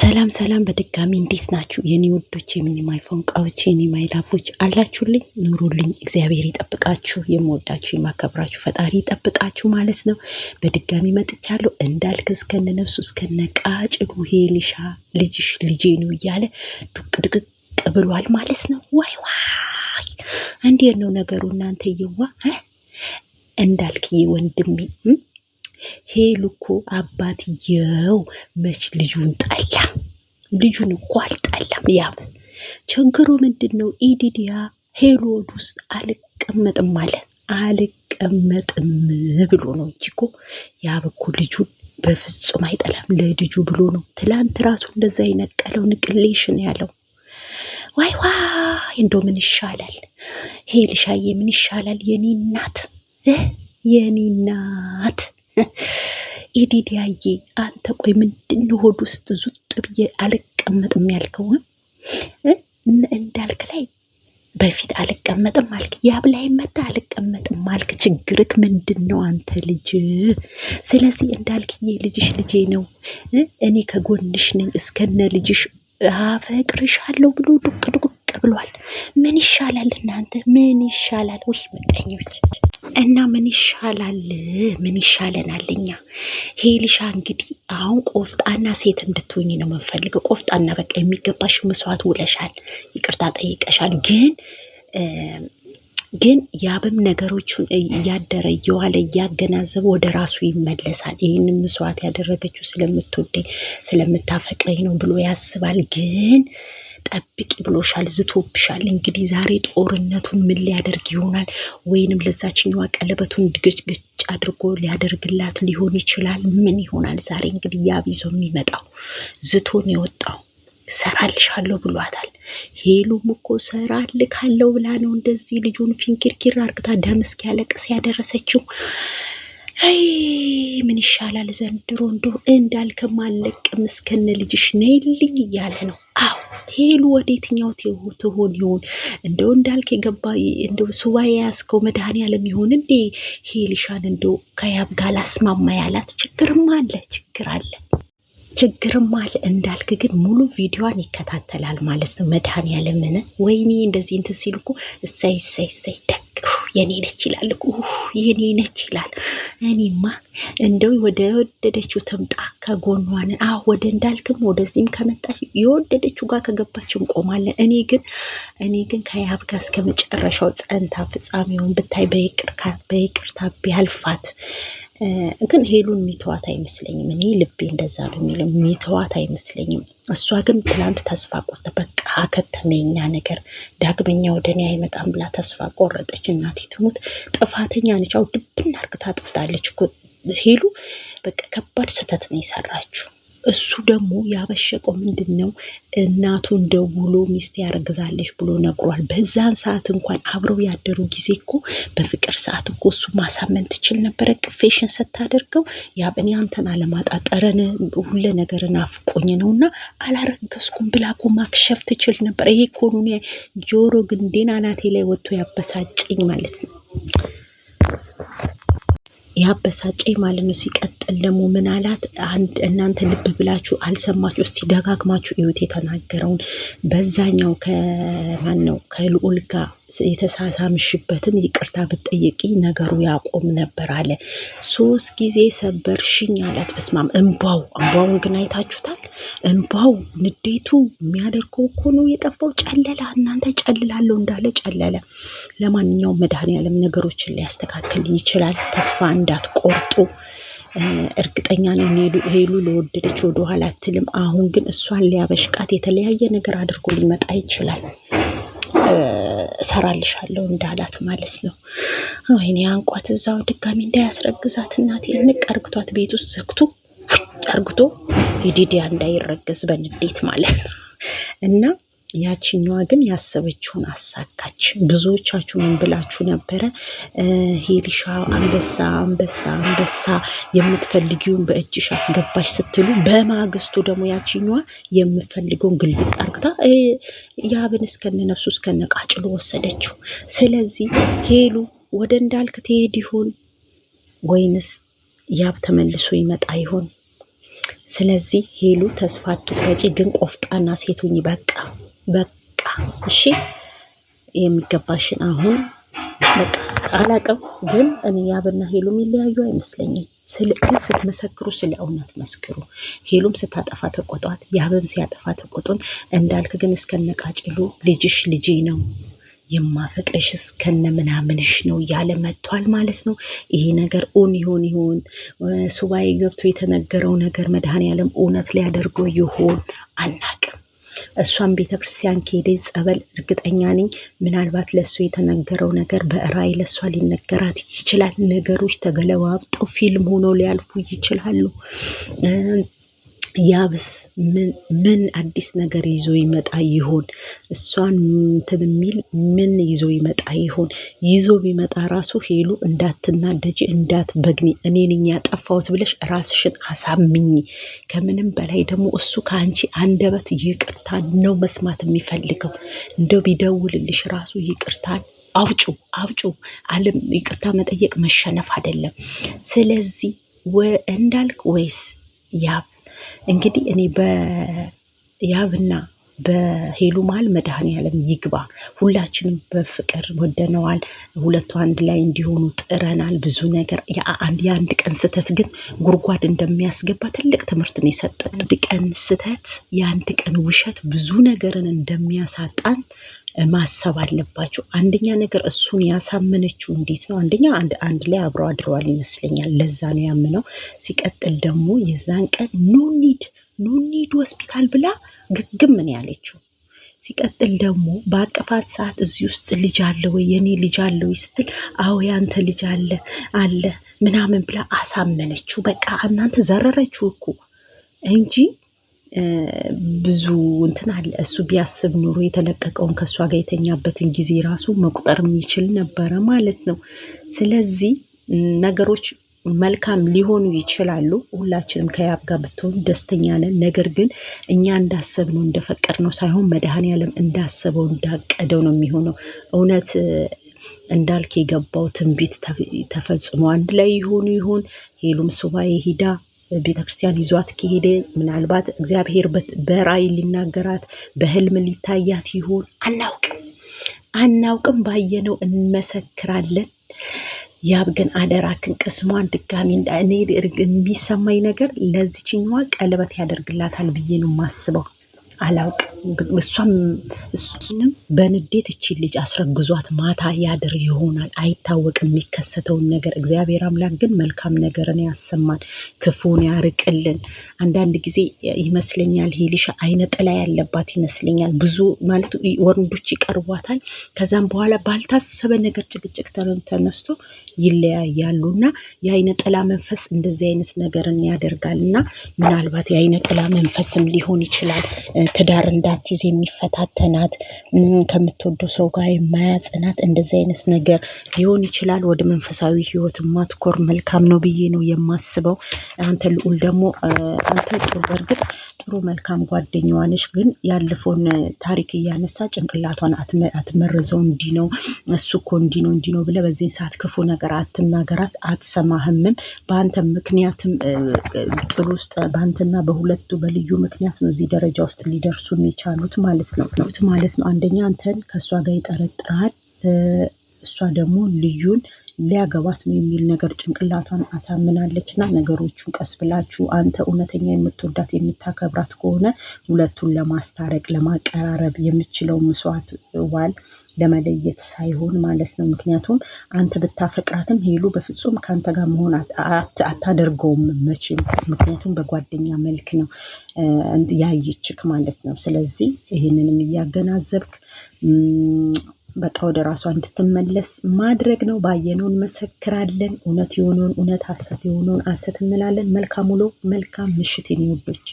ሰላም ሰላም፣ በድጋሚ እንዴት ናችሁ የኔ ውዶች፣ የምኒማይ ቃዎች፣ የኔ ማይላፎች አላችሁልኝ፣ ኑሩልኝ። እግዚአብሔር ይጠብቃችሁ። የምወዳችሁ የማከብራችሁ ፈጣሪ ይጠብቃችሁ ማለት ነው። በድጋሚ መጥቻለሁ። እንዳልክ እስከነ ነፍሱ እስከነ ቃጭሉ ሄሊሻ ልጅሽ ልጄ ነው እያለ ዱቅ ድቅቅ ብሏል ማለት ነው። ዋይ ዋይ! እንዴት ነው ነገሩ እናንተ? ይዋ እንዳልክዬ ወንድሜ ሄሉ እኮ አባትየው መች ልጁን ጠላ? ልጁን እኮ አልጠላም። ያም ችግሩ ምንድን ነው? ኢዲዲያ ሄሉ ወድ ውስጥ አልቀመጥም አለ። አልቀመጥም ብሎ ነው እንጂ እኮ ያብ እኮ ልጁን በፍጹም አይጠላም። ለልጁ ብሎ ነው። ትላንት ራሱ እንደዛ የነቀለው ንቅሌሽን ያለው ዋይ ዋይ፣ እንዶ ምን ይሻላል ሄልሻዬ፣ ምን ይሻላል የኔ እናት የኔ እናት ኢዲዲያዬ አንተ ቆይ ምንድን ሆድ ውስጥ ዙጥ ብዬ አልቀመጥም ያልከው እንዳልክ ላይ በፊት አልቀመጥም አልክ፣ ያብ ላይ መታ አልቀመጥም አልክ። ችግርክ ምንድን ነው አንተ ልጅ? ስለዚህ እንዳልክዬ ልጅሽ ልጄ ነው፣ እኔ ከጎንሽ ነኝ፣ እስከነ ልጅሽ አፈቅርሻለሁ ብሎ ዱቅ ዱቅ ብሏል። ምን ይሻላል እናንተ ምን ይሻላል? ውይ ምቀኞች እና ምን ይሻላል? ምን ይሻለናል እኛ? ሄሊሻ እንግዲህ አሁን ቆፍጣና ሴት እንድትሆኝ ነው የምንፈልገው። ቆፍጣና በቃ የሚገባሽ መስዋዕት ውለሻል፣ ይቅርታ ጠይቀሻል። ግን ግን ያብም ነገሮቹን እያደረ እየዋለ እያገናዘበ ወደ ራሱ ይመለሳል። ይህንን መስዋዕት ያደረገችው ስለምትወደኝ ስለምታፈቅረኝ ነው ብሎ ያስባል ግን ጠብቂ ብሎሻል፣ ዝቶብሻል። እንግዲህ ዛሬ ጦርነቱን ምን ሊያደርግ ይሆናል? ወይንም ለዛችኛዋ ቀለበቱን ድግጭግጭ አድርጎ ሊያደርግላት ሊሆን ይችላል። ምን ይሆናል ዛሬ? እንግዲህ ያብ ይዞ የሚመጣው ዝቶ የወጣው። ሰራልሻለሁ ብሏታል። ሄሉም እኮ ሰራልካለሁ ብላ ነው እንደዚህ ልጁን ፊንኪርኪር አርግታ ደም እስኪያለቅስ ያደረሰችው። አይ ምን ይሻላል ዘንድሮ እንዶ እንዳልከም አለቅም እስከነ ልጅሽ ነይልኝ እያለ ነው አዎ ሄሉ ወደ የትኛው ትሆን ይሆን? እንደው እንዳልክ የገባ እንደው ሱባኤ ያዝከው መድኃኔዓለም ይሆን እንዴ? ሄልሻን እንደው ከያብ ጋር ላስማማ ያላት ችግርም አለ፣ ችግር አለ፣ ችግርም አለ። እንዳልክ ግን ሙሉ ቪዲዮዋን ይከታተላል ማለት ነው። መድኃኔዓለምን ወይኔ እንደዚህ እንትን ሲል እኮ እሰይ እሰይ እሰይ የኔ ነች ይላል እኮ የኔ ነች ይላል። እኔማ እንደው ወደ ወደደችው ትምጣ ከጎኗን አ ወደ እንዳልክም ወደዚህም ከመጣች የወደደችው ጋር ከገባች እንቆማለን። እኔ ግን እኔ ግን ከያብ ጋር እስከ መጨረሻው ጸንታ ፍጻሜውን ብታይ በይቅርታ በይቅርታ ቢያልፋት ግን ሄሉን ሚተዋት አይመስለኝም። እኔ ልቤ እንደዛ ነው የሚለው፣ ሚተዋት አይመስለኝም። እሷ ግን ትላንት ተስፋ ቆርጠ በቃ አከተመኛ ነገር ዳግመኛ ወደ እኔ አይመጣም ብላ ተስፋ ቆረጠች። እናቴ ትሙት ጥፋተኛ ነች። አዎ ድብና እርግታ ጥፍታለች እኮ ሄሉ። በቃ ከባድ ስህተት ነው የሰራችው። እሱ ደግሞ ያበሸቀው ምንድን ነው? እናቱን ደውሎ ሚስቴ ያረግዛለች ብሎ ነግሯል። በዛን ሰዓት እንኳን አብረው ያደሩ ጊዜ እኮ በፍቅር ሰዓት እኮ እሱ ማሳመን ትችል ነበረ። ቅፌሽን ስታደርገው ያበን አንተን ሁለ ነገርን አፍቆኝ ነው እና አላረገዝኩም ብላ እኮ ማክሸፍ ትችል ነበረ። ይሄ ኮኑኔ ጆሮ ግንዴን አናቴ ላይ ወጥቶ ያበሳጭኝ ማለት ነው። ያበሳጨኝ ማለት ነው። ሲቀጥል ደግሞ ምን አላት? እናንተ ልብ ብላችሁ አልሰማችሁ፣ እስቲ ደጋግማችሁ እዩት የተናገረውን በዛኛው ከማን ነው ከልዑል ጋር የተሳሳምሽበትን ይቅርታ ብትጠይቂ ነገሩ ያቆም ነበር አለ። ሶስት ጊዜ ሰበርሽኝ አላት። በስማም እንባው እንባውን ግን አይታችሁታል። እንባው ንዴቱ የሚያደርገው እኮ ነው የጠፋው። ጨለላ እናንተ ጨልላለሁ እንዳለ ጨለለ። ለማንኛውም መድኃኒዓለም ነገሮችን ሊያስተካክል ይችላል። ተስፋ እንዳትቆርጡ። እርግጠኛ ነው ሄሉ ለወደደች ወደኋላ አትልም። አሁን ግን እሷን ሊያበሽቃት የተለያየ ነገር አድርጎ ሊመጣ ይችላል። እሰራልሻለሁ እንዳላት ማለት ነው። ወይኔ አንቋት እዛው ድጋሚ እንዳያስረግዛት እናቴ ንቅ አርግቷት ቤት ውስጥ ዘግቶ አርግቶ ይዲዲያ እንዳይረገዝ በንዴት ማለት ነው እና ያችኛዋ ግን ያሰበችውን አሳካች። ብዙዎቻችሁን ብላችሁ ነበረ ሄሊሻ አንበሳ አንበሳ አንበሳ የምትፈልጊውን በእጅሽ አስገባሽ ስትሉ፣ በማግስቱ ደግሞ ያችኛዋ የምፈልገውን ግልብጥ አርግታ ያብን እስከነ ነፍሱ እስከነ ቃጭሎ ወሰደችው። ስለዚህ ሄሉ ወደ እንዳልክ ትሄድ ይሆን ወይንስ ያብ ተመልሶ ይመጣ ይሆን? ስለዚህ ሄሉ ተስፋ አትቁረጪ፣ ግን ቆፍጣና ሴቱኝ በቃ በቃ እሺ፣ የሚገባሽን አሁን በቃ አላቅም፣ ግን እኔ ያብና ሄሉ የሚለያዩ አይመስለኝም። ስለዚህ ስትመሰክሩ ስለ እውነት መስክሩ። ሄሉም ስታጠፋ ተቆጧት፣ ያብም ሲያጠፋ ተቆጡን። እንዳልክ ግን እስከነቃጭሉ ልጅሽ ልጄ ነው የማፈቅርሽ እስከነ ምናምንሽ ነው እያለ መጥቷል ማለት ነው። ይሄ ነገር ኦን ይሆን ይሆን ሱባኤ ገብቶ የተነገረው ነገር መድኃኔዓለም እውነት ሊያደርገው ይሆን አናቅም። እሷም ቤተ ክርስቲያን ከሄደች ጸበል፣ እርግጠኛ ነኝ ምናልባት ለእሱ የተነገረው ነገር በራእይ ለእሷ ሊነገራት ይችላል። ነገሮች ተገለባብጠው ፊልም ሆኖ ሊያልፉ ይችላሉ። ያብስ ምን አዲስ ነገር ይዞ ይመጣ ይሆን? እሷን እንትን የሚል ምን ይዞ ይመጣ ይሆን? ይዞ ቢመጣ ራሱ ሄሉ እንዳትናደጂ፣ እንዳትበግኒ እኔን እኛ ጠፋውት ብለሽ ራስሽን አሳምኝ። ከምንም በላይ ደግሞ እሱ ከአንቺ አንደበት ይቅርታ ነው መስማት የሚፈልገው። እንደው ቢደውልልሽ ራሱ ይቅርታን አውጩ አውጩ አለም። ይቅርታ መጠየቅ መሸነፍ አይደለም። ስለዚህ እንዳልክ ወይስ ያብ እንግዲህ እኔ በያብና በሄሉ መሀል መድኃኔዓለም ይግባ። ሁላችንም በፍቅር ወደነዋል። ሁለቱ አንድ ላይ እንዲሆኑ ጥረናል። ብዙ ነገር የአንድ ቀን ስህተት ግን ጉድጓድ እንደሚያስገባ ትልቅ ትምህርት ነው የሰጠ። አንድ ቀን ስህተት፣ የአንድ ቀን ውሸት ብዙ ነገርን እንደሚያሳጣን ማሰብ አለባቸው። አንደኛ ነገር እሱን ያሳመነችው እንዴት ነው? አንደኛ አንድ ላይ አብረው አድረዋል ይመስለኛል። ለዛ ነው ያምነው። ሲቀጥል ደግሞ የዛን ቀን ኖ ኒድ ኑኒድ ሆስፒታል ብላ ግግም ምን ያለችው። ሲቀጥል ደግሞ በአቀፋት ሰዓት እዚህ ውስጥ ልጅ አለ ወይ የኔ ልጅ አለ ወይ ስትል፣ አዎ ያንተ ልጅ አለ አለ ምናምን ብላ አሳመነችው። በቃ እናንተ ዘረረችው እኮ እንጂ ብዙ እንትን አለ። እሱ ቢያስብ ኑሮ የተለቀቀውን ከእሷ ጋር የተኛበትን ጊዜ ራሱ መቁጠር የሚችል ነበረ ማለት ነው። ስለዚህ ነገሮች መልካም ሊሆኑ ይችላሉ። ሁላችንም ከያብ ጋር ብትሆን ደስተኛ ነን። ነገር ግን እኛ እንዳሰብነው እንደፈቀድነው ሳይሆን መድኃኔዓለም እንዳሰበው እንዳቀደው ነው የሚሆነው። እውነት እንዳልክ የገባው ትንቢት ተፈጽሞ አንድ ላይ ይሆኑ ይሆን? ሄሉም ሱባኤ ሂዳ ቤተክርስቲያን ይዟት ከሄደ ምናልባት እግዚአብሔር በራእይ ሊናገራት በህልም ሊታያት ይሆን? አናውቅም፣ አናውቅም። ባየነው እንመሰክራለን። ያብ ግን አደራክን ቅስሟን ድጋሚ እኔ የሚሰማኝ ነገር ለዚችኛዋ ቀለበት ያደርግላታል ብዬ ነው የማስበው። አላውቅም። እሷም እሱንም በንዴት እቺ ልጅ አስረግዟት ማታ ያድር ይሆናል አይታወቅም፣ የሚከሰተውን ነገር። እግዚአብሔር አምላክ ግን መልካም ነገርን ያሰማን፣ ክፉን ያርቅልን። አንዳንድ ጊዜ ይመስለኛል ሄሊሻ አይነ ጥላ ያለባት ይመስለኛል። ብዙ ማለት ወንዶች ይቀርቧታል። ከዛም በኋላ ባልታሰበ ነገር ጭቅጭቅ ተነስቶ ይለያያሉ እና የአይነ ጥላ መንፈስ እንደዚህ አይነት ነገርን ያደርጋል እና ምናልባት የአይነ ጥላ መንፈስም ሊሆን ይችላል ትዳር እንዳትይዝ የሚፈታተናት ከምትወደው ሰው ጋር የማያጽናት እንደዚህ አይነት ነገር ሊሆን ይችላል። ወደ መንፈሳዊ ህይወት ማትኮር መልካም ነው ብዬ ነው የማስበው። አንተ ልዑል ደግሞ አንተ ጥሩ በእርግጥ ጥሩ መልካም ጓደኛዋ ነሽ፣ ግን ያለፈውን ታሪክ እያነሳ ጭንቅላቷን አትመርዘው። እንዲ ነው እሱ እኮ እንዲ ነው እንዲ ነው ብለህ በዚህን ሰዓት ክፉ ነገር አትናገራት፣ አትሰማህምም። በአንተ ምክንያትም ጥሩ ውስጥ በአንተና በሁለቱ በልዩ ምክንያት ነው እዚህ ደረጃ ውስጥ ሊደርሱ የሚቻሉት ማለት ነው ማለት ነው። አንደኛ አንተን ከእሷ ጋር ይጠረጥራል፣ እሷ ደግሞ ልዩን ሊያገባት ነው የሚል ነገር ጭንቅላቷን አሳምናለች እና ነገሮቹን ቀስ ብላችሁ አንተ እውነተኛ የምትወዳት የምታከብራት ከሆነ ሁለቱን ለማስታረቅ ለማቀራረብ የምችለው ምስዋት ዋል ለመለየት ሳይሆን ማለት ነው። ምክንያቱም አንተ ብታፈቅራትም ሄሉ በፍጹም ከአንተ ጋር መሆን አታደርገውም መቼም። ምክንያቱም በጓደኛ መልክ ነው ያየችክ ማለት ነው። ስለዚህ ይህንንም እያገናዘብክ በቃ ወደ ራሷ እንድትመለስ ማድረግ ነው። ባየነው እንመሰክራለን። እውነት የሆነውን እውነት፣ ሀሰት የሆነውን አሰት እንላለን። መልካም ውሎ፣ መልካም ምሽት የኔ ውዶች።